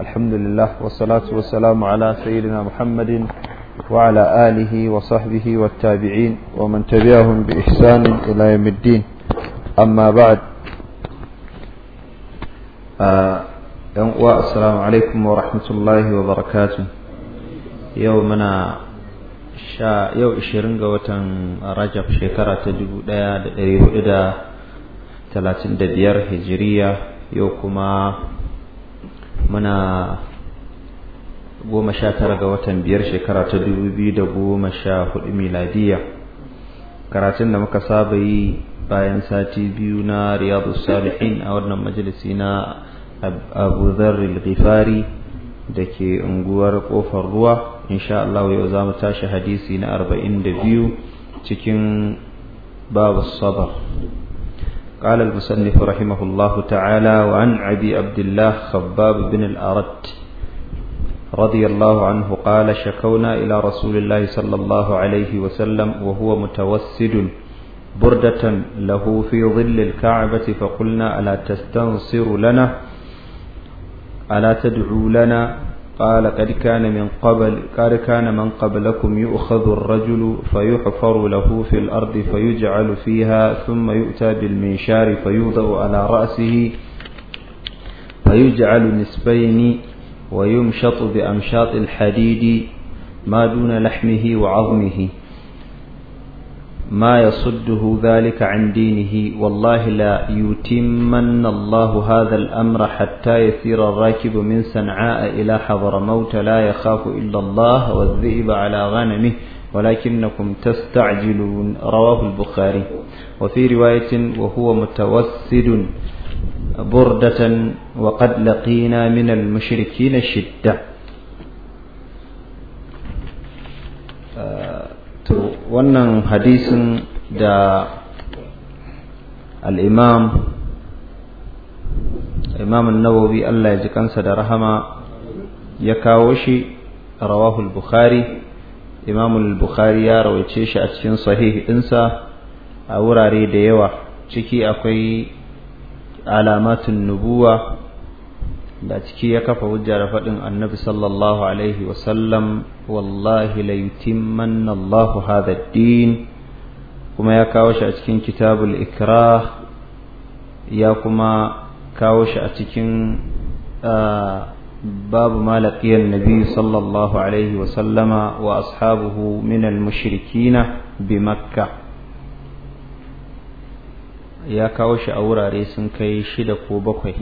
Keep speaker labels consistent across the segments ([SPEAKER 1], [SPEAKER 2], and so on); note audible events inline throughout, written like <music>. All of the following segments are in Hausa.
[SPEAKER 1] الحمد لله والصلاة والسلام على سيدنا محمد وعلى آله وصحبه والتابعين ومن تبعهم بإحسان إلى يوم الدين أما بعد آه السلام عليكم ورحمة الله وبركاته يومنا sha yau ishirin ga watan rajab shekara ta dubu ɗaya da ɗari hudu da talatin da biyar hijiriya yau kuma muna goma sha tara ga watan biyar shekara ta dubu biyu da goma sha hudu miladiya karatun da muka saba yi bayan sati biyu na riyadu salihin a wannan majalisi na abu zarri ghifari da ke unguwar kofar ruwa insha Allah yau za mu tashi hadisi na arba'in da biyu cikin babu sabar قال المصنف رحمه الله تعالى وعن أبي عبد الله خباب بن الأرد رضي الله عنه قال شكونا إلى رسول الله صلى الله عليه وسلم وهو متوسد بردة له في ظل الكعبة فقلنا ألا تستنصر لنا ألا تدعو لنا قال قد كان من قبل قد كان من قبلكم يؤخذ الرجل فيحفر له في الأرض فيجعل فيها ثم يؤتى بالمنشار فيوضع على رأسه فيجعل نسبين ويمشط بأمشاط الحديد ما دون لحمه وعظمه ما يصده ذلك عن دينه والله لا يتمن الله هذا الأمر حتى يسير الراكب من صنعاء إلى حضرموت لا يخاف إلا الله والذئب على غنمه ولكنكم تستعجلون رواه البخاري وفي رواية وهو متوسد بردة وقد لقينا من المشركين الشدة آه، to wannan hadisin da al'imam imam nawawi Allah ya ji kansa da rahama ya kawo shi rawahul bukhari imam bukhari ya rawaice shi a cikin sahih ɗinsa a wurare da yawa ciki akwai alamatun nubuwa da ciki ya kafa hujja da faɗin annabi sallallahu alaihi wasallam wallahi la yutimmanna Allahu hadha din kuma ya kawo shi a cikin kitabul ikrah ya kuma kawo shi a cikin babu malaqiyar nabi sallallahu alaihi wasallama wa ashabuhu min al-mushrikina bi makka ya kawo shi a wurare sun kai shida ko bakwai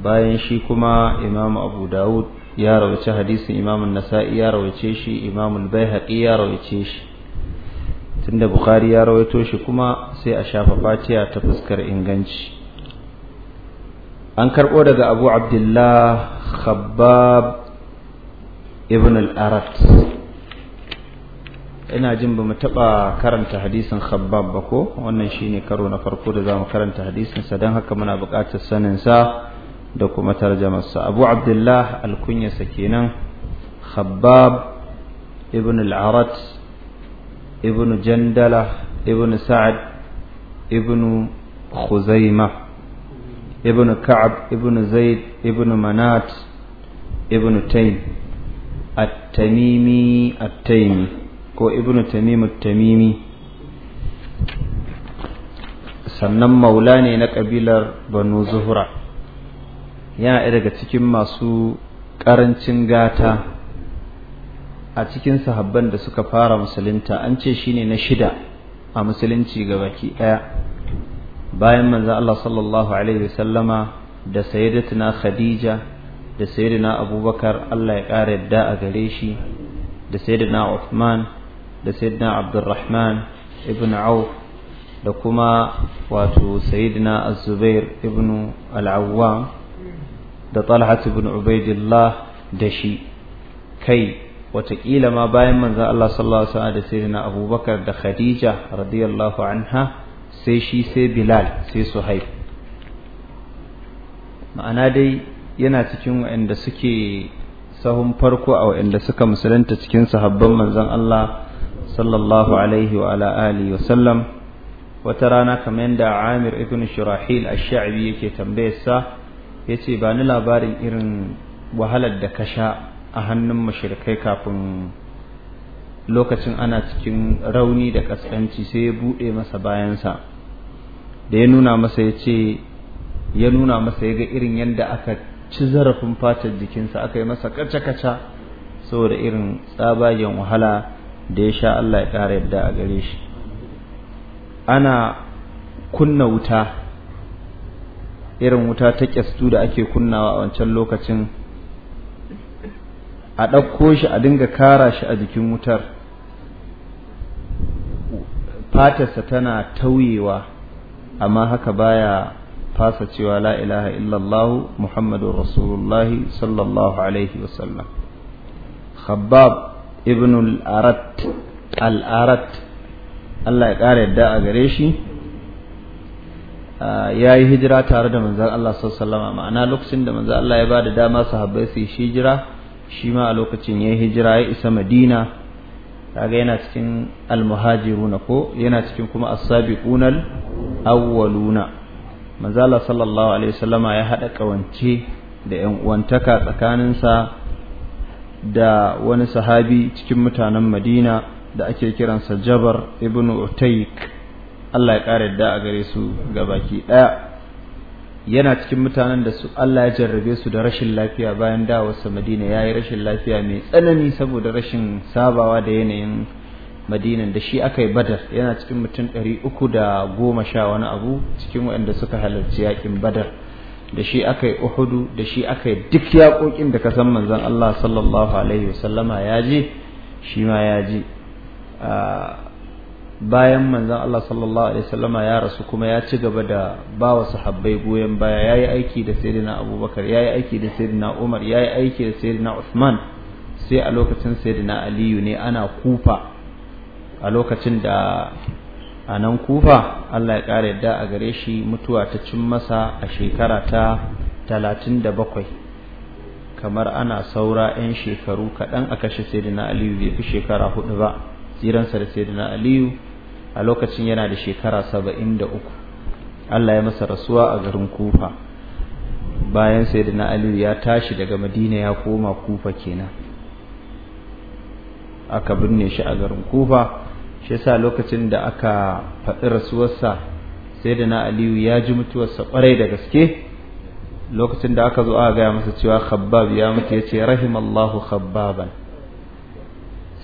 [SPEAKER 1] bayan shi kuma imamu abu dawud ya rawace hadisin imamun nasa'i ya rawace shi imamun baihaqi ya rawace shi tunda bukari ya rawaito shi kuma sai a shafa fatiya ta fuskar inganci an karɓo daga abu abdullah khabbab ibn al-arat ina jin ba mu taɓa karanta hadisin khabbab ba ko wannan shine karo na farko da za mu karanta hadisinsa don haka muna buƙatar saninsa da kuma tarjamarsa abu abdullah alkunyarsa kenan khabbab ibn al ibn jandala ibn sa'ad ibn khuzaima ibn ka'ab ibn zaid ibn manat ibn taym at-tamimi at-taymi ko ibn tamim at-tamimi sannan maula ne na kabilar banu zuhra yana daga cikin masu ƙarancin gata a cikin sahabban da suka fara musulunta an ce shine na shida a musulunci ga baki ɗaya bayan manzo Allah sallallahu alaihi wasallama da sayyidatuna Khadija da sayyidina Abubakar Allah ya ƙara yadda a gare shi da sayyidina Uthman da sayyidina Abdurrahman ibn Auf da kuma wato sayyidina Az-Zubair ibn Al-Awwam da talhat ibn ubaidillah da shi kai wataƙila ma bayan manzan Allah sallallahu alaihi wasallam da sayyidina abubakar da khadija radiyallahu anha sai shi sai bilal sai suhaib ma'ana dai yana cikin waɗanda suke sahun farko a waɗanda suka musulunta cikin sahabban manzan Allah sallallahu alaihi wa ala alihi wa sallam wata rana kamar yadda Amir ibn Shurahil ash-Sha'bi yake tambayar sa ya ce ba ni labarin irin wahalar da ka sha a hannun mashirkai kafin lokacin ana cikin rauni da kaskanci sai ya buɗe masa bayansa da ya nuna masa ya ce ya nuna masa ya ga irin yadda aka ci zarafin fatar jikinsa aka yi masa kaca-kaca saboda irin tsabagen wahala da ya sha Allah ya ƙara yadda a gare shi ana kunna wuta irin wuta ta kyastu da ake kunnawa a wancan lokacin a ɗauko shi a dinga kara shi a jikin wutar fatarsa tana tauyewa amma haka baya fasa cewa la ilaha illallah muhammadu rasulullah sallallahu alaihi wasallam khabbab ibn al-arat al-arat Allah ya ƙara yadda a gare shi Ah, ya yi hijira tare da manzan Allah sallama ma'ana lokacin da manzan Allah ya ba da dama sahabbai su yi hijira shi ma a lokacin ya yi hijira ya isa madina kaga yana cikin almuhajiruna ko yana cikin kuma asabi kunal awwaluna manzan Allah sallallahu alaihi wasallama ya haɗa ƙawance da yan uwantaka tsakaninsa da wani sahabi cikin mutanen Madina da ake kiransa Jabar ibnu Utayk Allah ya ƙara yadda a gare su ga baki ɗaya yana cikin mutanen da su Allah ya jarrabe su da rashin lafiya bayan dawarsa Madina ya yi rashin lafiya mai tsanani saboda rashin sabawa da yanayin Madinan da shi aka yi Badar yana cikin mutum ɗari uku da goma sha wani abu cikin waɗanda suka halarci yaƙin Badar da shi aka yi Uhudu da shi aka yi duk yaƙoƙin da ka san manzon Allah sallallahu alaihi wasallama ya je shi ma ya je ah, bayan manzon Allah sallallahu alaihi wasallama ya rasu kuma ya ci gaba da ba wa sahabbai goyon baya yayi aiki da sayyidina Abubakar yayi aiki da sayyidina Umar yayi aiki da sayyidina Uthman sai a lokacin sayyidina Aliyu ne ana kufa a lokacin da a nan kufa Allah ya kare yadda a gare shi mutuwa ta cin masa a shekara ta talatin da bakwai kamar ana saura 'yan shekaru kaɗan a kashe sayyidina Aliyu bai fi shekara hudu ba hiransa da sayyidina aliyu a lokacin yana da shekara saba'in da uku Allah ya masa rasuwa a garin kufa bayan sayyidina aliyu ya tashi daga madina ya koma kufa kenan aka binne shi a garin kufa shi yasa lokacin da aka faɗi rasuwarsa sayyidina aliyu ya ji mutuwarsa ƙwarai da gaske lokacin da aka zo aka gaya masa cewa khabbab ya mutu ya ce rahimallahu khabbaban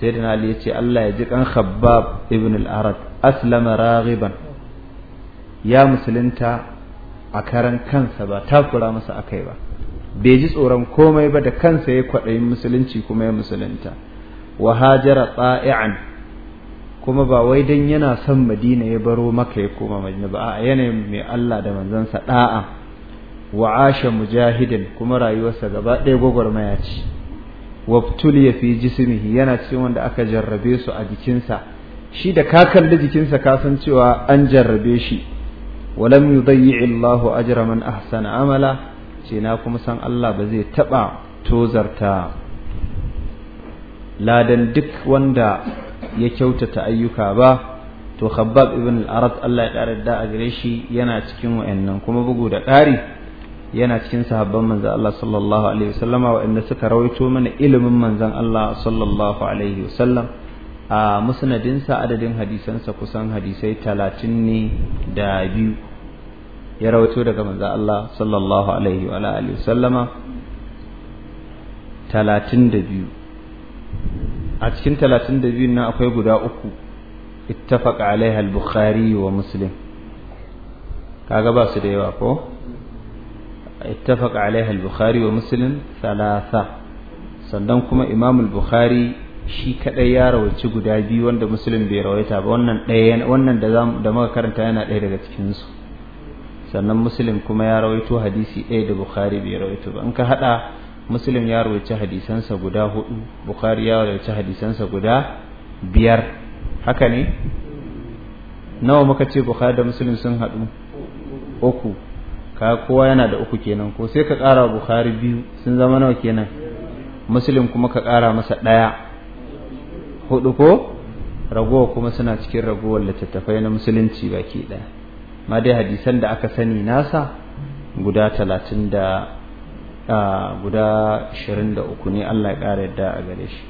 [SPEAKER 1] sayyidina ali yace Allah ya ji kan khabbab ibn al-arad aslama raghiban ya musulunta a karan kansa ba takura masa a kai ba bai ji tsoron komai ba da kansa ya kwaɗayin musulunci kuma ya musulunta wa hajara tsa'i'an kuma ba wai dan yana son madina ya baro maka ya koma madina ba a yanayin mai Allah da manzansa da'a wa'asha asha mujahidin kuma rayuwarsa gaba ɗaya gwagwarmaya ce wabtuliya fi jismihi yana cikin wanda aka jarrabe su a jikinsa shi da ka kalli jikinsa ka san cewa an jarrabe shi walam yudayyi illahu ajra man ahsana amala ce na kuma san Allah ba zai taba tozarta ladan duk wanda ya kyautata ayyuka ba to khabbab ibn al Allah ya kare da a gare shi yana cikin wayannan kuma bugu da ƙari yana cikin sahabban manzo Allah sallallahu alaihi wasallama waɗanda suka rawaito mana ilimin manzon Allah sallallahu alaihi wasallam a musnadin sa adadin hadisansa kusan hadisai talatin ne da biyu ya rawaito daga manzo Allah sallallahu alaihi wa alihi wasallama talatin da biyu a cikin talatin da biyu nan akwai guda uku ittafaqa alaiha al-bukhari wa muslim kaga ba su da yawa ko اتفق عليها البخاري ومسلم ثلاثة sannan kuma Imam al-Bukhari shi kadai ya rawaci guda biyu wanda Muslim bai rawaita ba wannan ɗaya wannan da zamu da muka karanta yana ɗaya daga cikin su sannan Muslim kuma ya rawaito hadisi ɗaya da Bukhari bai rawaito ba in ka hada Muslim ya rawaita hadisansa guda hudu Bukhari ya rawaita hadisansa guda biyar haka ne nawa muka ce Bukhari da Muslim sun hadu uku ka kowa yana da uku kenan ko sai ka ƙara bukhari biyu sun zama nawa kenan muslim kuma ka ƙara masa ɗaya hudu ko ragowa kuma suna cikin ragowar littattafai na musulunci baki ɗaya ma dai hadisan da aka sani nasa guda talatin da guda ashirin da uku ne Allah ya ƙara yadda a gare shi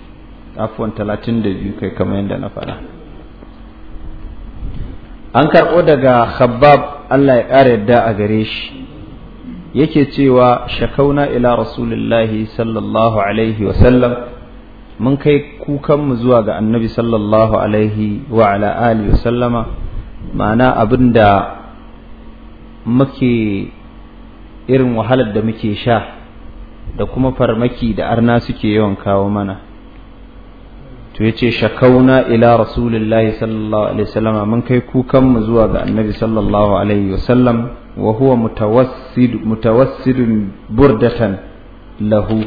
[SPEAKER 1] afuwan talatin da biyu kai kamar yadda na faɗa an karɓo daga khabbab Allah ya ƙara yadda a gare shi yake cewa shakauna ila rasulillahi sallallahu alaihi wasallam mun kai kukanmu zuwa ga annabi sallallahu alaihi wa ala alihi wasallama ma'ana abin da muke irin wahalar da muke sha da kuma farmaki da arna suke yawan kawo mana to yace shakauna ila rasulillahi sallallahu alaihi wasallam mun kai kukan mu zuwa ga annabi sallallahu alaihi wasallam wa huwa mutawassid mutawassidun burdatan lahu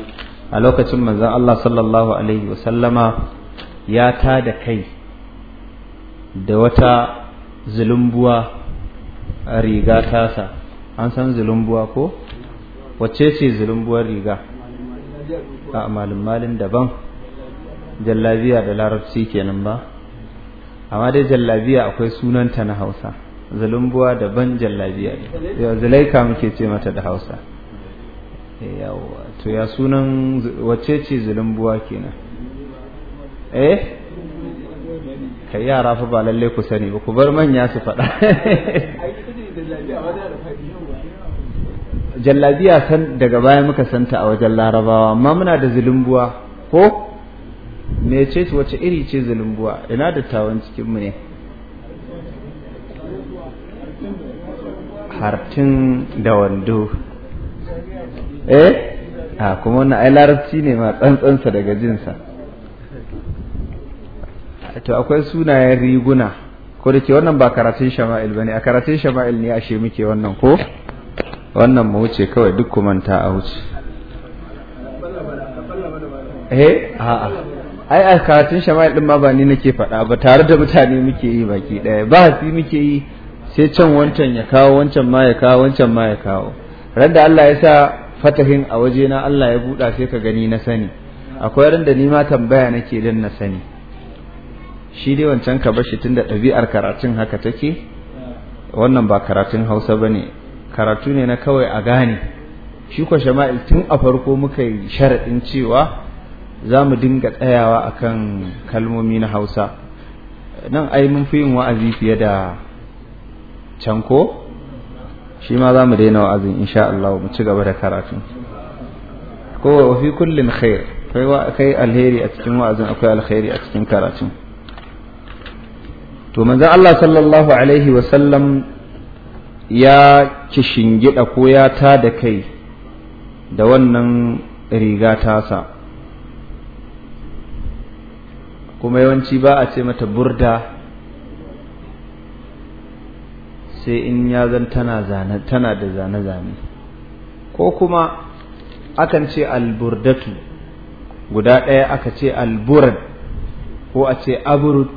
[SPEAKER 1] a lokacin manzon Allah sallallahu alaihi wasallama ya ta da kai da wata zulumbuwa riga tasa an san zulumbuwa ko wacce ce zulumbuwar riga a malin malin daban jallabiya da larabci kenan ba amma dai jallabiya akwai sunanta na hausa zalumbuwa daban jallabiya ne zalaika muke ce mata da hausa eh, to ya sunan wacce ce zulumbuwa kenan eh kai yara fa ba lalle ku sani ba ku bar manya su faɗa <laughs> jallabiya san daga baya muka santa a wajen larabawa amma muna da zulumbuwa ko mece ce wace iri ce zulumbuwa ina dattawan cikin mu ne hartin da wando eh a kuma wannan ai larabci ne ma tsantsansa daga jinsa to akwai sunayen riguna ko da ke wannan ba karatun shama'il ba ne a karatun shama'il ne ashe muke wannan ko wannan mu wuce kawai duk kumanta a wuce eh a'a ai a karatun shama'il din ma ba ni nake faɗa ba tare da mutane muke yi baki ɗaya ba fi muke yi sai can wancan ya kawo wancan ma ya kawo wancan ma ya kawo ran da Allah ya sa fatahin a waje na Allah ya buɗa sai ka gani na sani akwai ran da ni ma tambaya nake dan na sani shi dai wancan ka bashi tunda ɗabi'ar karatun haka take wannan ba karatun Hausa bane karatu ne na kawai a gane shi ko shama'il tun a farko muka yi sharaɗin cewa za mu dinga tsayawa akan kalmomi na hausa nan ai mun fi yin wa'azi fiye da can ko shi ma za mu daina wa'azin insha Allah mu ci gaba da karatu ko wa fi kullin khair kai kai alheri a cikin wa'azin akwai alheri a cikin karatu to manzon Allah sallallahu alaihi wa sallam ya kishingida ko ya ta da kai da wannan riga tasa kuma yawanci ba a ce mata burda sai in ya zan tana da zane-zane ko kuma akan ce alburdatu guda ɗaya aka ce alburad ko a ce aburud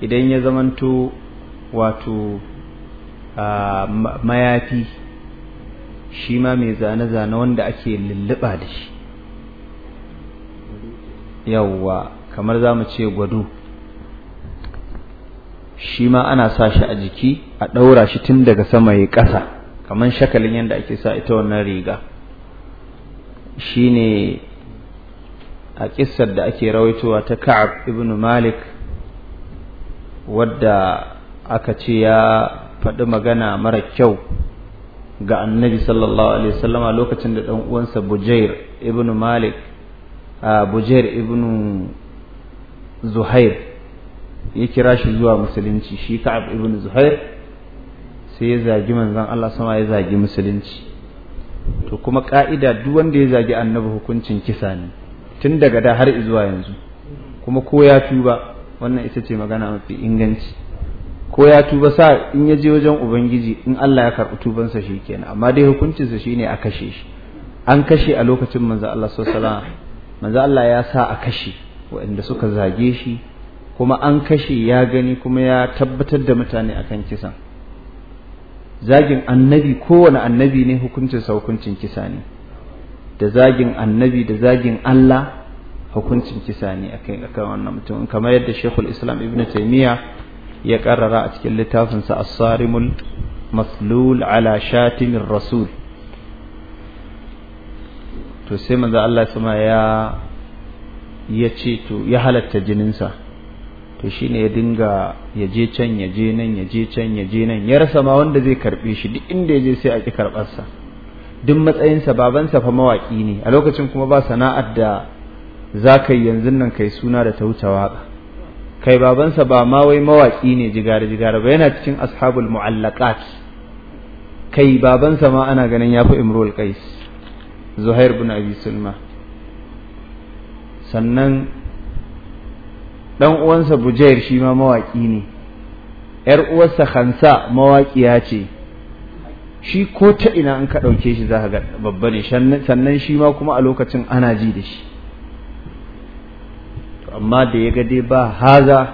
[SPEAKER 1] idan ya zamanto wato mayafi shi ma mai zane-zane wanda ake lulluɓa da shi yawwa kamar za mu ce gwado shi ma ana sa shi a jiki a ɗaura shi tun daga sama ya ƙasa kamar shakalin yadda ake sa ita wannan riga shi ne a ƙisar da ake rawaitowa ta ka'ab ibn malik wadda aka ce ya faɗi magana mara kyau ga annabi sallallahu alaihi wasallama lokacin da ɗan uwansa bujair ibn malik bujair ibn zuhair ya kira shi zuwa musulunci shi ka'ab ibn zuhair sai ya zagi manzon Allah sama ya zagi musulunci to kuma ka'ida duk wanda ya zagi annabi hukuncin kisa ne tun daga da har zuwa yanzu kuma ko ya tuba wannan ita ce magana mafi inganci ko ya tuba sa in ya je wajen ubangiji in Allah ya karɓi tubansa shi kenan amma dai hukuncin sa shine a kashe shi an kashe a lokacin manzo Allah sallallahu alaihi wasallam manzo Allah ya sa a kashe waɗanda suka zage shi kuma an kashe ya gani kuma ya tabbatar da mutane akan kisan zagin annabi kowane annabi ne hukuncinsa hukuncin kisa ne da zagin annabi da zagin Allah hukuncin kisa ne akan akan wannan mutum kamar yadda Sheikhul Islam Ibn Taymiyyah ya karara a cikin littafinsa As-Sarimul Maslul ala Shatimir Rasul to sai manzo Allah sama ya ya ce to ya halatta jininsa to shi ne ya dinga ya je can ya je nan ya je can ya je nan ya rasa ma wanda zai karbe shi duk inda ya je sai a ki karbarsa duk matsayinsa babansa fa mawaki ne a lokacin kuma ba sana'ar da za ka yi yanzu nan kai suna da ta wuce waka kai babansa ba ma wai mawaki ne jigara jigara ba yana cikin ashabul mu'allaqat kai babansa ma ana ganin ya yafi imrul qais zuhair bin abi sulma sannan ɗan uwansa bujair shi ma mawaƙi ne ‘yar uwarsa hansa mawaƙiya ce shi ko ta ina an ka ɗauke shi za ga babba ne sannan shi ma kuma a lokacin ana ji da shi amma da ya ga dai ba haza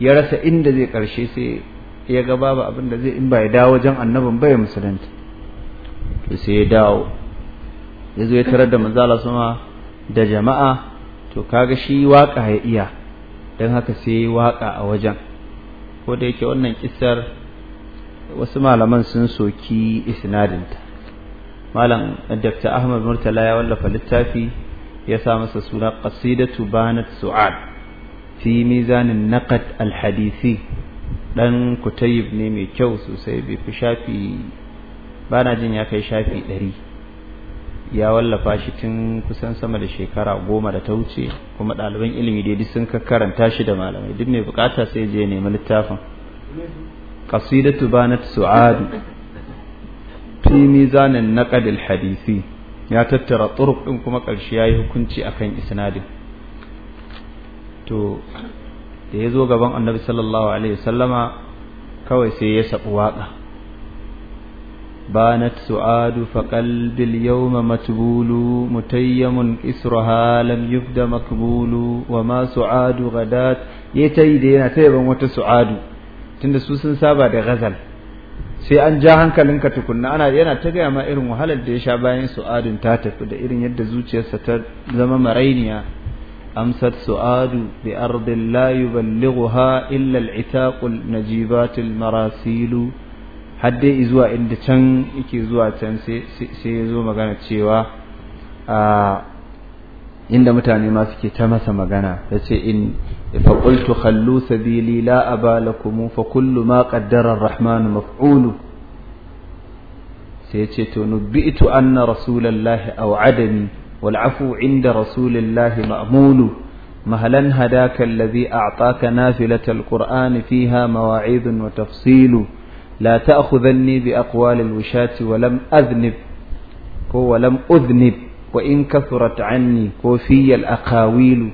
[SPEAKER 1] ya rasa inda zai ƙarshe sai ya ga babu abin da zai in ba ya dawo wajen annabin bai musulunta to sai ya dawo ya zo ya tarar da manzala sama da jama'a to kaga shi waka ya iya don haka sai waka a wajen ko da yake wannan kisar wasu malaman sun soki isnadinta malam dr ahmad murtala ya wallafa littafi ya sa masa suna qasidatu banat su'ad fi mizanin naqad alhadisi dan kutayib ne mai kyau sosai bai fi shafi bana jin ya kai shafi ɗari ya wallafa shi tun kusan sama da shekara goma da ta wuce kuma ɗaliban ilimi dai duk sun karanta shi da malamai duk mai bukata sai je nemi littafin qasidatu banat su'ad fi mizanin naqd hadisi ya tattara turuq din kuma karshe yayi hukunci akan isnadin to da zo gaban annabi sallallahu alaihi wasallama kawai sai ya sabu waka بانت سعاد فقلب اليوم متبول متيم إسرها لم يبد مقبول وما سعاد غدات يتي دينا تيبا مت سعاد تند سوسن سابا ده غزل sai an ja hankalinka tukunna ana yana ta gaya ma irin wahalar da ya sha bayan su'adun ta tafi da irin yadda zuciyarsa ta zama marainiya amsat su'adu bi ardin la yuballighuha illa al-itaqul najibatul marasilu har dai zuwa inda can yake zuwa can sai ya zo magana cewa a inda mutane ma suke ta masa magana ya ce in faƙultu hallu sabili la aba lakum fa kullu ma qaddara rahmanu maf'ulu sai ya ce to nubbitu anna rasulallahi au'adani wal afu inda rasulillahi ma'mulu مهلا هداك الذي أعطاك نافلة القرآن فيها مواعيد وتفصيل la ta'khudhanni bi aqwalil wushati wa lam aznib ko walam lam uznib wa in kathurat anni ko fiyal aqawilu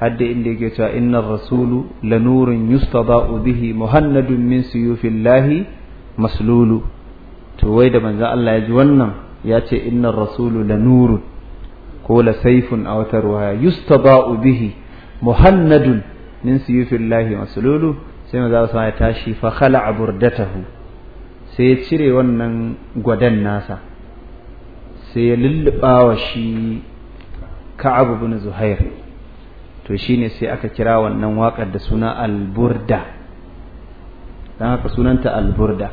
[SPEAKER 1] hadda inda yake cewa innan rasulu la nurun yustada'u bihi muhannadun min suyufillahi maslulu to wai da manzo Allah ya ji wannan ya ce innar rasulu la nurun ko la saifun aw tarwa yustada'u bihi muhannadun min suyufillahi maslulu sai maza su ya tashi fa khala'a burdatahu sai ya cire wannan gwadan nasa sai ya lulluɓa wa shi ka'ab ibn zuhair to shine sai aka kira wannan wakar da suna alburda dan haka sunanta alburda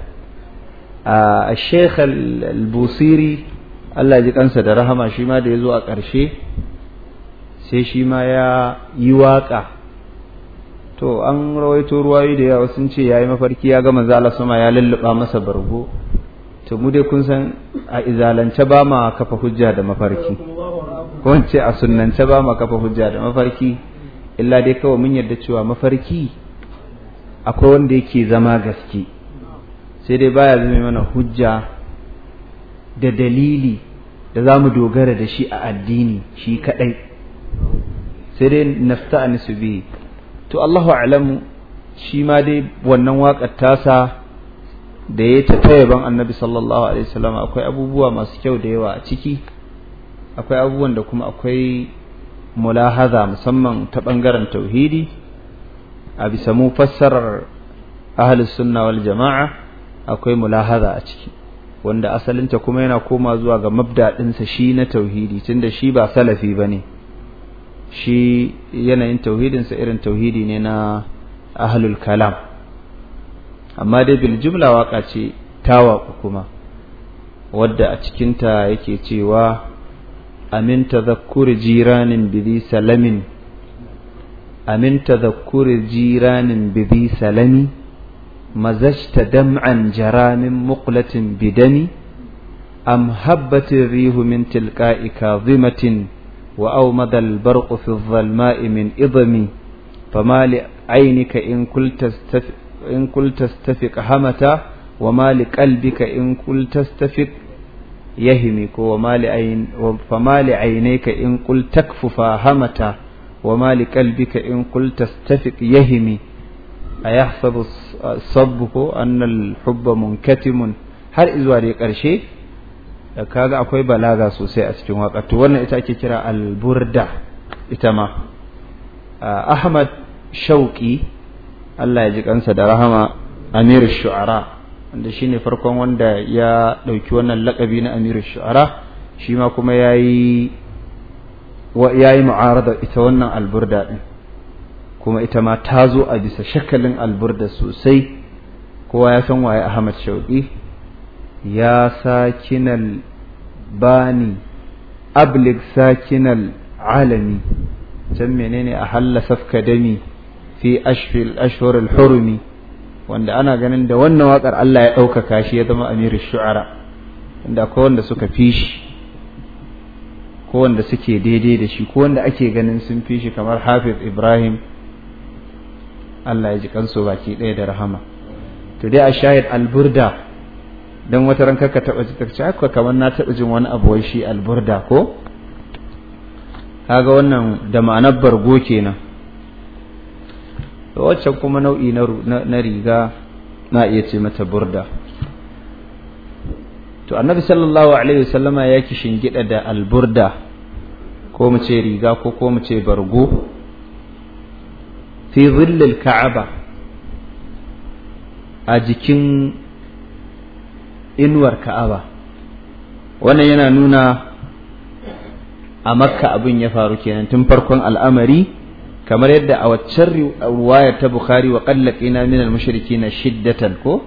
[SPEAKER 1] a sheikh al-busiri Allah ji kansa da rahama shi ma da ya zo a ƙarshe sai shi ma ya yi waƙa to an rawaito ruwayi da yawa sun ce yi mafarki ya gama zala sama ya lulluba masa bargo to mu dai kun san a izalance ba ma kafa hujja da mafarki ko ce a sunnance ba ma kafa hujja da mafarki illa dai kawai mun yarda cewa mafarki akwai wanda yake zama gaske sai dai baya zama mana hujja da dalili da za mu dogara da shi a addini shi kaɗai sai dai su nisubi to Allahu a'lamu shi ma dai wannan wakar tasa da ya ta yaban annabi sallallahu alaihi wasallam akwai abubuwa masu kyau da yawa a ciki akwai abubuwan da kuma akwai mulahaza musamman ta ɓangaren tauhidi a bisa mu fassarar ahlus sunna wal jama'a akwai mulahaza a ciki wanda asalinta kuma yana koma zuwa ga mabda ɗinsa shi na tauhidi tunda shi ba salafi bane shi yanayin tauhidinsa irin tauhidi ne na ahlul kalam amma dai bil jumla waka ce tawaku kuma wadda a cikinta yake cewa amin tadhakkuri jiranin bidhi salamin amin jiranin bidhi salami mazajta dam'an jaramin muqlatin bidani am habbatin rihu min tilka'i kazimatin وأومد البرق في الظلماء من إضمي فما لعينك إن كنت تستفق همتا وما لقلبك إن كنت تستفق يهمك وما لعين فما لعينيك إن قلت تكففا همتا وما لقلبك إن قلت تستفق يهمي أيحسب الصبه أن الحب منكتم هل إذ قرشي da kaga akwai balaga sosai a cikin waka to wannan ita ake kira alburda ita ma Ahmad Shauki Allah ya ji kansa da rahama Amir Shu'ara wanda shine farkon wanda ya dauki wannan lakabi na Amir Shu'ara shi ma kuma ya yi yayi mu'arada ita wannan alburda din kuma ita ma ta zo a bisa shakalin alburda sosai kowa ya san waye Ahmad Shauki ya sakinal bani ablig sakinal alami can menene a halla safka dami fi ashfil ashhur hurumi wanda ana ganin da wannan wakar Allah ya ɗaukaka shi ya zama amir shu'ara wanda akwai wanda suka fishi ko wanda suke daidai da shi ko wanda ake ganin sun fishi kamar hafiz ibrahim Allah ya ji kansu baki ɗaya da rahama to dai a shahid alburda don wata ran ka taɓa ji ce haka kamar na taɓa jin wani abu wai shi alburda ko kaga wannan da ma'anar bargo kenan waccan kuma nau'i na riga na iya ce mata burda to annabi sallallahu alaihi wasallama ya ki shingida da alburda ko mu ce riga ko ko mu ce bargo fi zillil ka'aba a jikin inuwar ka'aba wannan yana nuna a makka abin ya faru kenan tun farkon al'amari kamar yadda a waccan ruwaya ta bukari wa na minal mashiriki na shiddatan ko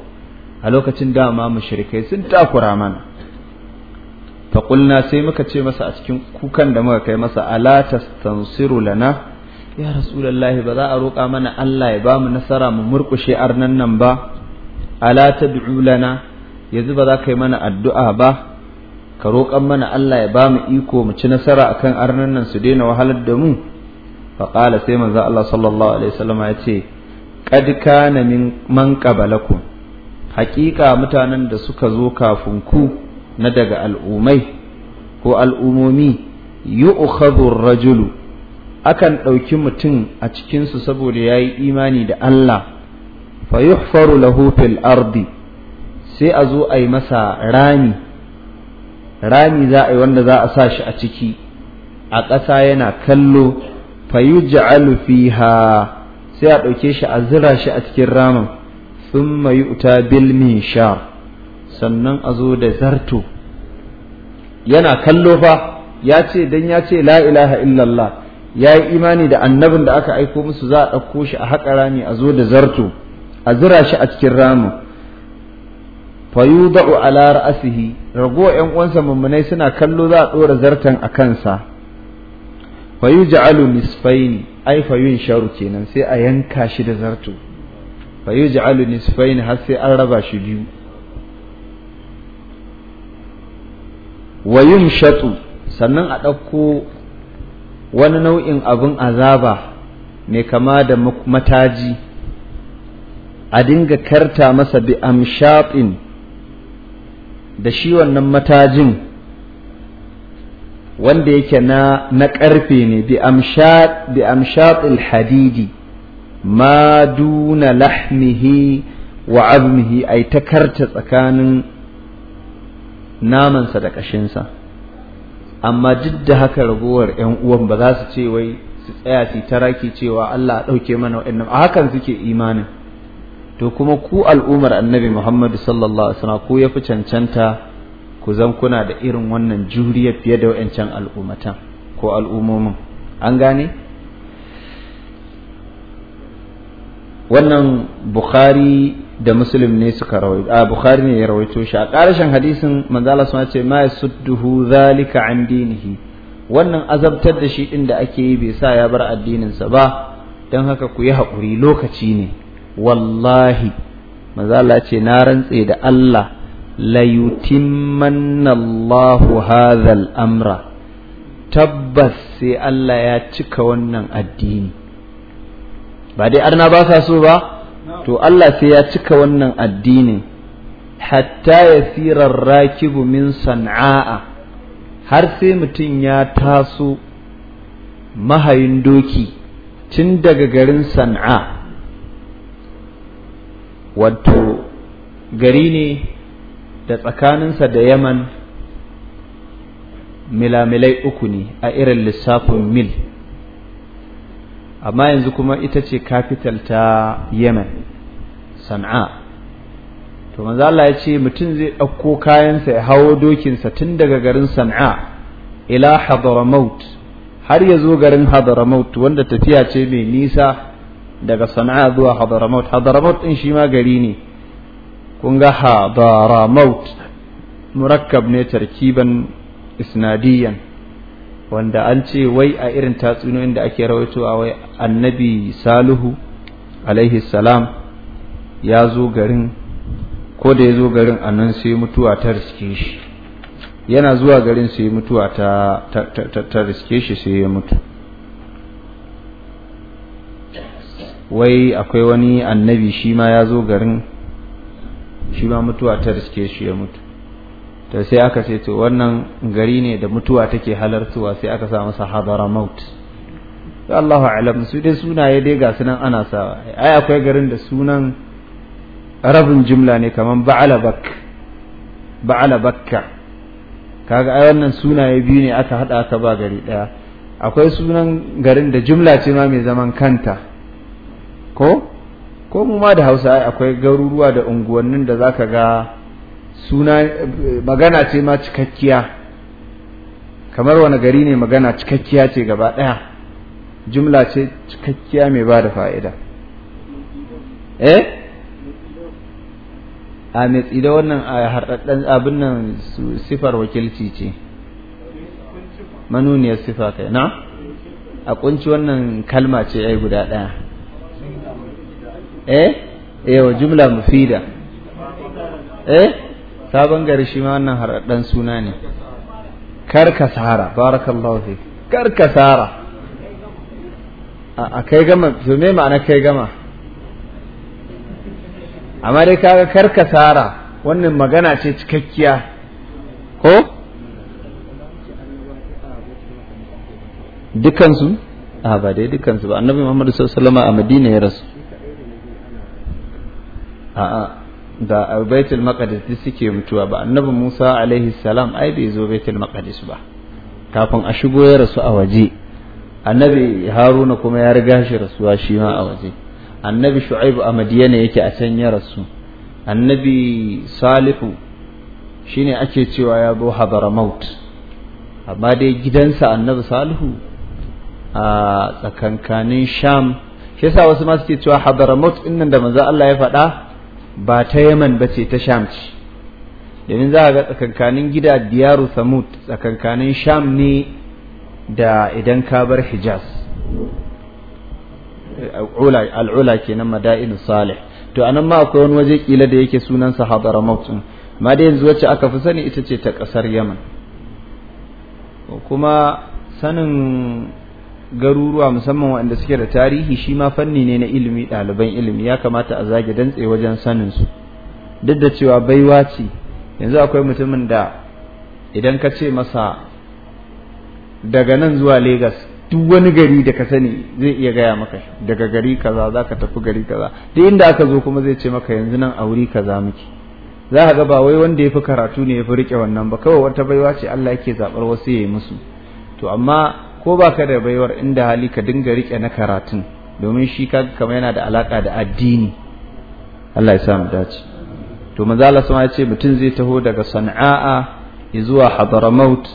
[SPEAKER 1] a lokacin dama mashirikai sun takura mana faƙulna sai muka ce masa a cikin kukan da muka kai masa ala lana ya rasulallahi ba za a roƙa mana Allah ya bamu nasara mu murƙushe arnan nan ba ala tad'u lana yanzu ba za ka yi mana addu'a ba ka roƙon mana Allah ya ba mu iko mu ci nasara akan arnan nan su daina wahalar da mu faƙala sai manzo Allah sallallahu alaihi wasallam ya ce qad kana min man ku. haƙiƙa mutanen da suka zo kafin ku na daga al'umai ko al'umomi yi rajulu akan ɗauki mutum a cikinsu saboda ya yi imani da Allah fa yuhfaru lahu fil ardi sai a zo a yi masa rami rami za a yi wanda za a sa shi a ciki a ƙasa yana kallo fayuj'alu fiha sai a ɗauke shi a zira shi a cikin ramin mai uta bil sha sannan a zo da zarto yana kallo fa ya ce don ya ce la ilaha illallah ya yi imani da annabin da aka aiko musu za a ɗauko shi a haƙa rami a zo da zarto a zira shi a cikin ramin fayudau ala ra'sihi rago 'yan uwansa mummunai suna kallo za a dora zartan a kansa fayuj'alu nisfaini ai fayun sharu kenan sai a yanka shi da zarto fayuj'alu nisfaini har sai an raba shi biyu wayum shatu sannan a ɗauko wani nau'in abin azaba mai kama da mataji a dinga karta masa bi amshaɗin da shi wannan matajin wanda yake na na ƙarfe ne bi amshat bi hadidi ma duna lahmihi wa abmihi ai ta karta tsakanin namansa da ƙashinsa amma duk haka ragowar 'yan uwan ba za su ce wai su tsaya su taraki cewa Allah ɗauke mana wa'annan a hakan suke imanin to kuma ku al'umar annabi Muhammadu sallallahu alaihi wasallam ku ya fi cancanta ku zan kuna da irin wannan juriya fiye da wayancan al'umata ko al'umomin an gane wannan bukhari da muslim ne suka rawaito a bukhari ne ya rawaito shi a ƙarshen hadisin Manzala sun ce ma yasudduhu zalika an dinihi wannan azabtar da shi ɗin da ake yi bai sa ya bar addinin sa ba don haka ku yi haƙuri lokaci ne wallahi manzala ce na rantse da Allah la yutimmanna hadhal amra tabbas sai Allah ya cika wannan addini ba dai arna ba sa so ba to Allah sai ya cika wannan addinin hatta ya sirar rakibu min san'a'a har sai mutum ya taso mahayin doki tun daga garin san'a wato gari ne da tsakaninsa da yaman milamilai uku ne a irin lissafin mil amma yanzu kuma ita ce capital ta yaman sana'a to manzala ya ce mutum zai ɗauko kayansa ya hawo dokinsa tun daga garin sana'a ila hadaramaut har ya zo garin hadramaut wanda tafiya ce mai nisa daga sana'a zuwa hadaramaut hadaramaut ɗin shi ma gari ne kun ga hadaramaut murakkab ne tarkiban isnadiyan wanda an ce wai a irin tatsuniyoyin da ake rawaito a wai annabi saluhu alaihi salam ya zo garin ko da ya zo garin a nan sai mutuwa ta riske shi yana zuwa garin sai mutuwa ta riske shi sai ya mutu wai akwai wani annabi shi ma ya zo garin shi ma mutuwa ta riske shi ya mutu to sai aka ce to wannan gari ne da mutuwa take halartuwa sai aka sa masa hadara maut Allahu alam su dai sunaye dai ga sunan ana sawa ai akwai garin da sunan rabin jumla ne kaman ba'alabak ba'alabakka kaga ai wannan sunaye biyu ne aka hada aka ba gari daya akwai sunan garin da jumla ce ma mai zaman kanta ko ko mu ma da hausa akwai garuruwa da unguwannin da zaka ga suna magana ce ma cikakkiya kamar wani gari ne magana cikakkiya ce gaba ɗaya jumla ce cikakkiya mai ba da fa'ida eh a mai tsida wannan a abin nan sifar wakilci ce manuniyar sifa kai na a kunci wannan kalma ce ai guda ɗaya eh yau eh, jumla mufida eh sabon gari shi ma wannan haraddan suna ne karkasara barakallahu fi karkasara a kai gama to me ma'ana kai gama amma dai kaga karkasara wannan magana ce cikakkiya ko dukansu a ba dai dukansu ba annabi Muhammadu sallallahu alaihi wasallam a Madina ya rasu a'a da baitul maqdis duk suke mutuwa ba annabi Musa alaihi salam ai bai zo baitul maqdis ba kafin a shigo ya rasu a waje annabi Haruna kuma ya riga shi rasuwa shi ma a waje annabi Shu'aibu a Madiyana yake a can ya rasu annabi Salihu shine ake cewa ya zo Hadramaut amma dai gidansa annabi Salihu a tsakankanin Sham shi yasa wasu ma suke cewa Hadramaut din da manzo Allah ya faɗa ba ta yaman ba ce ta sham ce domin za a ga tsakankanin gida diyaru samud tsakankanin sham ne da idan ka bar hijaz al'ula kenan mada'in salih to nan ma akwai wani waje kila da yake sunansa Mautun, ma da yanzu wacce aka fi sani ita ce ta ƙasar yaman kuma sanin garuruwa musamman waɗanda suke da tarihi shi ma fanni ne na ilimi ɗaliban ilimi ya kamata a zage dantse wajen sanin su duk da cewa baiwa ce yanzu akwai mutumin da idan ka ce masa daga nan zuwa Legas duk wani gari da ka sani zai iya gaya maka daga gari kaza za ka tafi gari kaza duk inda aka zo kuma zai ce maka yanzu nan a wuri kaza muke za ka ga ba wai wanda ya fi karatu ne ya fi riƙe wannan ba kawai wata baiwa ce Allah yake zaɓar wasu ya yi musu to amma ko ba ka da baiwar inda hali ka dinga riƙe na karatun domin shi ka kama yana da alaƙa da addini Allah ya sa mu dace to manzo Allah ya ce mutum zai taho daga Sana'a zuwa Hadramaut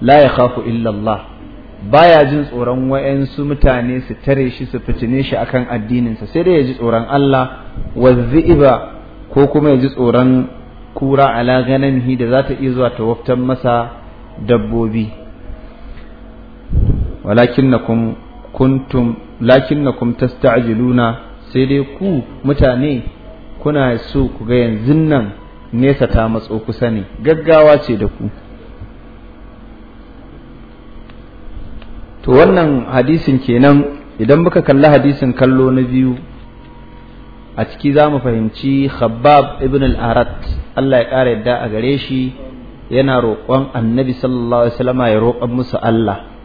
[SPEAKER 1] la yakhafu illa Allah baya jin tsoron wayansu mutane su tare shi su fitine shi akan addininsa sai dai ya ji tsoron Allah wazziba ko kuma ya ji tsoron kura ala ganamihi da za ta iya zuwa ta waftan masa dabbobi walakinnakum kuntum lakinnakum tasta'jiluna sai dai ku mutane kuna so ku ga yanzu nan nesa ta matso kusa ne gaggawa ce da ku to wannan hadisin kenan idan muka kalli hadisin kallo na biyu a ciki za mu fahimci khabbab ibn al-arat Allah ya ƙara yadda a gare shi yana roƙon annabi sallallahu alaihi wasallama ya roƙon musu Allah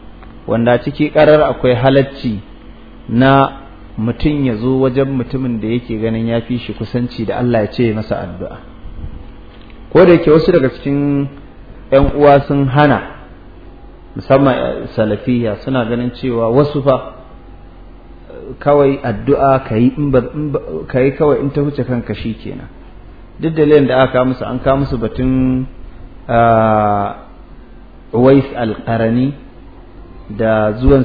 [SPEAKER 1] wanda ciki karar akwai halacci na mutum ya zo wajen mutumin da yake ganin ya fi shi kusanci da Allah ya ce masa addu'a ko da yake wasu daga cikin ‘yan uwa sun hana musamman eh, salafiya suna ganin cewa wasu fa eh, kawai addu'a ka yi kawai in ta huce kanka shi kenan duk da da aka musu an ka musu batun ah, Uwais al-Qarani da zuwan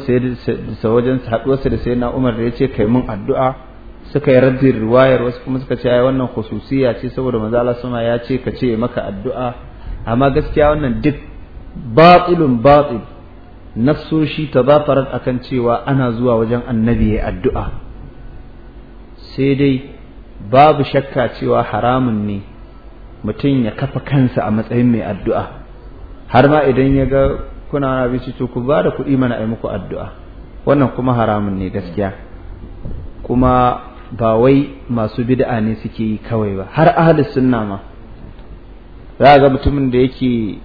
[SPEAKER 1] sa wajen haduwarsa da sayyidina Umar da yace kai mun addu'a suka yi raddin riwayar wasu kuma suka ce ai wannan khususiya ce saboda manzo Allah sama ya ce ka ce maka addu'a amma gaskiya wannan duk batilun batil shi tazafarat akan cewa ana zuwa wajen annabi ya addu'a sai dai babu shakka cewa haramun ne mutum ya kafa kansa a matsayin mai addu'a har ma idan ya ga kuna wani abinci to ku ba da kuɗi mana a yi muku addu'a wannan kuma haramun ne gaskiya kuma ba wai masu bida'a ne suke yi kawai ba har ahli sunna ma za ga mutumin da yake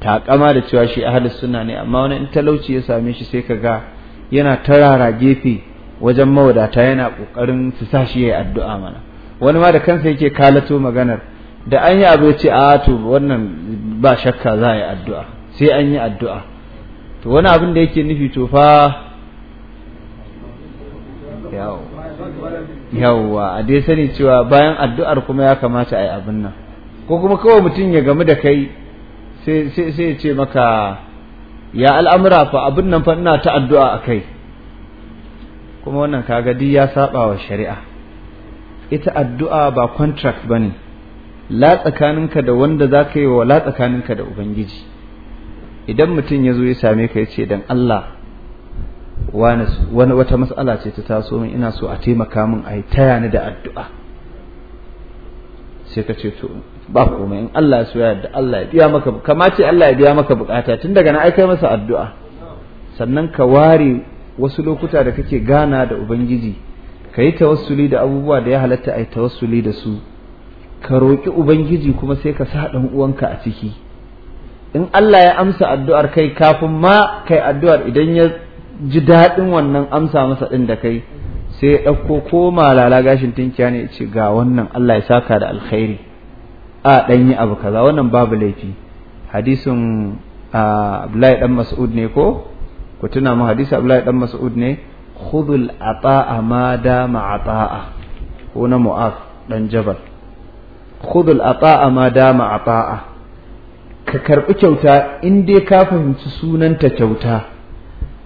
[SPEAKER 1] takama da cewa shi ahli sunna ne amma wani in talauci ya same shi sai ka ga yana tarara gefe wajen mawadata yana kokarin su sa shi yayi addu'a mana wani ma da kansa yake kalato maganar da an yi abu ce a to wannan ba shakka za a yi addu'a sai an yi addu'a to wani abin da yake nufi to yawwa a dai sani cewa bayan addu'ar kuma ya kamata a yi abin nan ko kuma kawai mutum ya gamu da kai sai ya ce maka ya al'amura fa abin nan fa ina ta addu'a a kai kuma wannan kaga ya saba wa shari'a ita addu'a ba contract ne la tsakaninka da wanda za ka yi wa la tsakaninka da ubangiji idan mutum ya zo ya same ka ya ce don Allah wata matsala ce ta taso min ina so a taimaka min a yi taya ni da addu'a sai ka ce to ba komai in Allah so ya da Allah ya biya maka kama ce Allah ya biya maka bukata tun daga na aikai masa addu'a sannan ka ware wasu lokuta da kake gana da ubangiji ka yi tawassuli da abubuwa da ya halatta a yi tawassuli da su ka roƙi ubangiji kuma sai ka sa ɗan uwanka a ciki in Allah ya amsa addu'ar kai kafin ma kai addu'ar idan ya ji daɗin wannan amsa masa ɗin da kai sai ya ɗauko ko malala gashin tinkiya ne ce ga wannan Allah ya saka da alkhairi a ɗan yi abu kaza wannan babu laifi hadisin Abdullahi dan Mas'ud ne ko ku tuna mu hadisin Abdullahi dan Mas'ud ne khudul ata'a ma dama ma'ata'a ko na mu'af ɗan Jabal khudul ata'a ma dama ma'ata'a ka karɓi kyauta in dai ka fahimci sunanta kyauta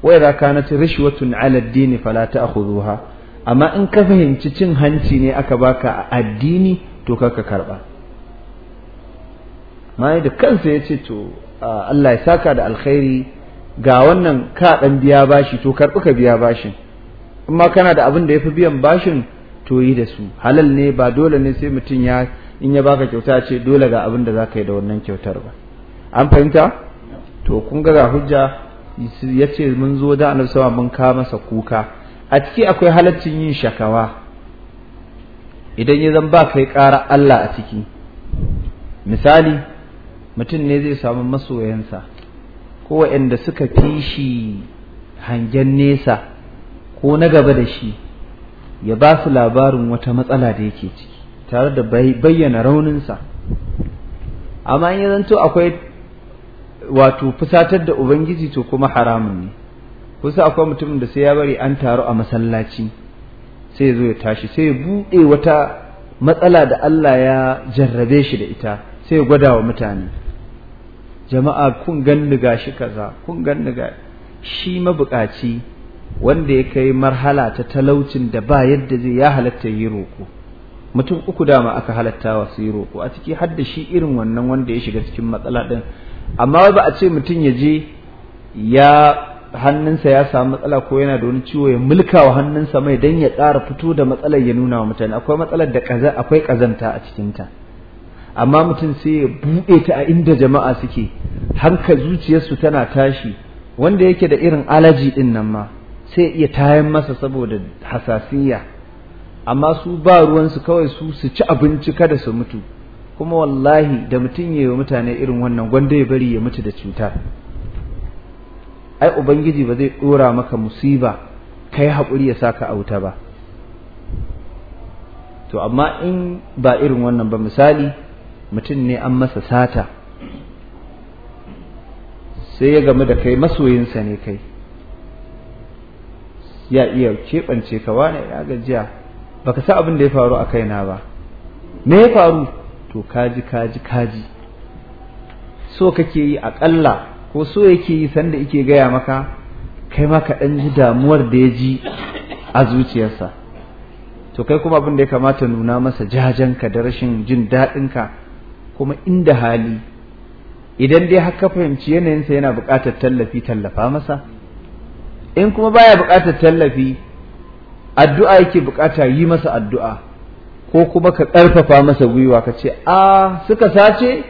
[SPEAKER 1] wai za ka nace rishwatun ala addini fala ta'khudhuha amma in ka fahimci cin hanci ne aka baka a addini to ka karɓa mai da kansa ya ce to Allah ya saka da alkhairi ga wannan ka dan biya bashi to karɓi ka biya bashin amma kana da abin da ya fi biyan bashin to yi da su halal ne ba dole ne sai mutum ya in ya baka kyauta ce dole ga abin da za ka yi da wannan kyautar ba an fahimta to kun ga ga hujja ce mun zo da annabi sama mun ka masa kuka a ciki akwai halaccin yin shakawa idan ya zan ba kai ƙara Allah a ciki misali mutum ne zai samu masoyansa ko waɗanda suka fi shi hangen nesa ko na gaba da shi ya ba su labarin wata matsala da yake ciki tare da bayyana rauninsa amma in ya zanto akwai wato fusatar da ubangiji to kuma haramun ne kusa akwai mutumin da sai ya bari an taru a masallaci sai ya zo ya tashi sai ya buɗe wata matsala da Allah ya jarrabe shi da ita sai ya gwada wa mutane jama'a kun ganni gashi kaza kun ganni ga shi mabukaci wanda ya kai marhala ta talaucin da ba yadda zai ya halatta yi roko mutum uku dama aka halatta wa su yi roko a ciki har da shi irin wannan wanda ya shiga cikin matsala din amma ba a ce mutum ya je ya hannunsa ya samu matsala ko yana da wani ciwo ya mulka wa hannunsa mai don ya ƙara fito da matsalar ya nuna wa mutane akwai matsalar da kaza akwai kazanta a cikinta amma mutum sai ya buɗe ta a inda jama'a suke hanka zuciyarsu tana tashi wanda yake da irin alaji ɗin nan ma sai iya tayan masa saboda hasasiyya amma su ba ruwansu kawai su su ci abinci kada su mutu kuma wallahi da mutum ya yi mutane irin wannan gwanda ya bari ya mutu da cuta ai ubangiji ba zai ɗora maka musiba kai haƙuri ya saka a wuta ba to amma in ba irin wannan ba misali mutum ne an masa sata sai ya gamu da kai masoyinsa ne kai ya iya keɓance ka wane ya gajiya baka sa abin da ya faru a kaina ba me ya faru to kaji kaji kaji so kake yi aƙalla ko so yake yi sanda yake gaya maka kai ma ka ɗan ji damuwar da ya ji a zuciyarsa to kai kuma abin da ya kamata nuna masa jajanka da rashin jin daɗinka kuma inda hali idan dai haka fahimci yanayinsa yana buƙatar tallafi tallafa masa in kuma baya buƙatar tallafi addu'a yake buƙata yi masa addu'a ko kuma ka ƙarfafa masa gwiwa ka ce a suka sace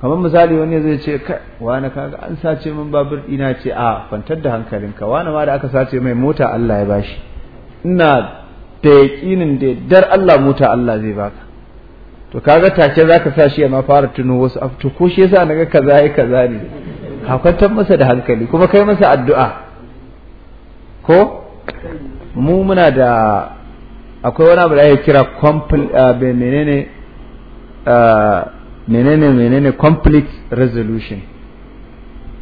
[SPEAKER 1] kamar misali wani zai ce kai wani kaga an sace min babur ina ce a kwantar da hankalinka wani ma da aka sace mai mota Allah ya bashi ina da yaƙinin da dar Allah mota Allah zai baka to kaga take zaka sashi ya ma fara tuno wasu to ko shi yasa naga kaza yi kaza ne ka kwantar masa da hankali kuma kai masa addu'a ko mu muna da akwai wani abu da ake kira uh, menene uh, menene menene conflict resolution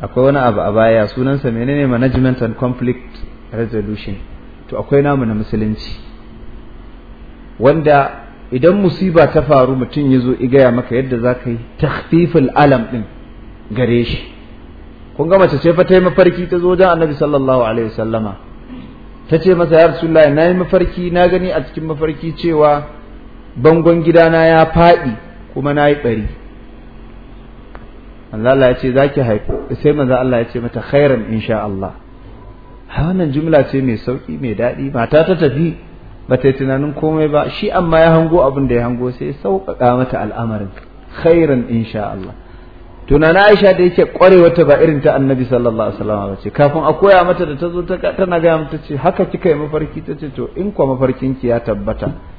[SPEAKER 1] akwai wani abu a baya sunansa menene management and conflict resolution to akwai namu na musulunci wanda idan musiba ta faru mutum ya zo igaya maka yadda za ka yi takhfiful alam din gare shi kun ga mace ce fa ta yi mafarki ta zo wajen annabi sallallahu alaihi wasallama ta ce masa ya rasulullahi na yi mafarki na gani a cikin mafarki cewa bangon gidana ya faɗi kuma na yi ɓari Allah ya ce za ki haifu sai maza Allah ya ce mata khairan insha Allah ha wannan jumla ce mai sauƙi mai daɗi mata ta tafi ba ta yi tunanin komai ba shi amma ya hango abin da ya hango sai sauƙaƙa mata al'amarin khairan insha Allah to na Aisha da yake kwarewar ta ba irin ta Annabi sallallahu alaihi wasallam ba ce kafin a koya mata da ta zo ta tana ga mata ce haka kika yi mafarki tace to in kwa mafarkin ki ya tabbata